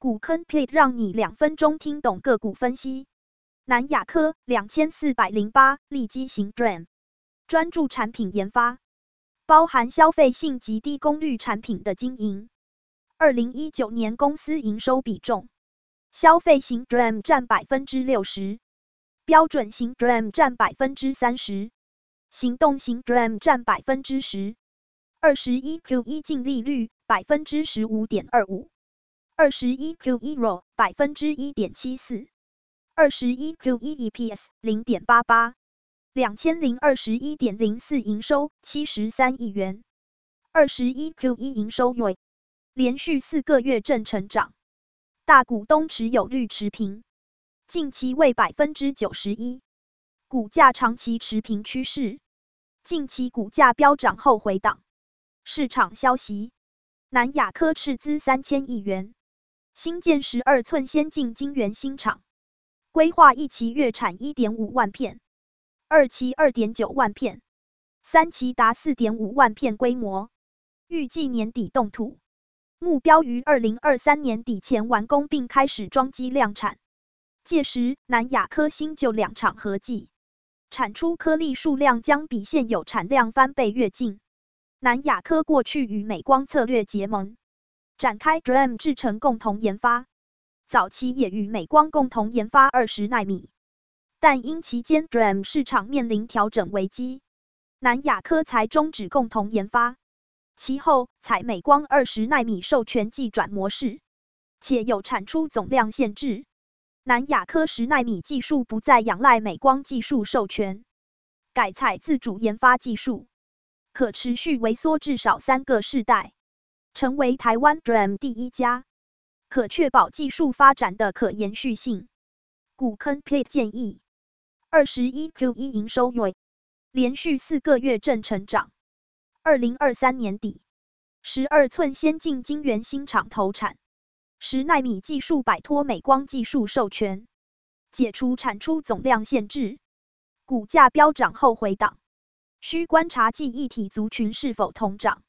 股坑 plate 讓你兩分鐘聽懂個股分析。南亞科兩千四百零八，利基型 DRAM，專注產品研發，包含消費性及低功率產品的經營。二零一九年公司營收比重，消費型 DRAM 占百分之六十，標準型 DRAM 占百分之三十，行動型 DRAM 占百分之十。二十一 Q 一、e、淨利率百分之十五點二五。二十一 Q 一 RO 百分之一點七四，二十一 Q 一 EPS 零點八八，兩千零二十一點零四營收七十三億元，二十一 Q 一營收 YoY 連續四個月正成長，大股東持有率持平，近期為百分之九十一，股價長期持平趨勢，近期股價飆漲後回檔，市場消息南亞科斥資三千億元。新建十二寸先進晶圓新廠，規劃一期月產一點五萬片，二期二點九萬片，三期達四點五萬片規模，預計年底動土，目標於二零二三年底前完工並開始裝機量產。屆時，南亞科新舊兩廠合計產出顆粒數量將比現有產量翻倍躍進。南亞科過去與美光策略結盟。展開 DRAM 製程共同研發，早期也與美光共同研發二十奈米，但因期間 DRAM 市場面臨調整危機，南亞科才終止共同研發。其後採美光二十奈米授權技轉模式，且有產出總量限制。南亞科10奈米技術不再仰賴美光技術授權，改採自主研發技術，可持續萎縮至少三個世代。成為台灣 DRAM 第一家，可確保技術發展的可延續性。股坑 plate 建議，二十一 Q 一營收 YoY，連續四個月正成長。二零二三年底，十二吋先進晶圓新廠投產，十奈米技術擺脫美光技術授權，解除產出總量限制。股價飆漲後回檔，需觀察記憶體族群是否同漲。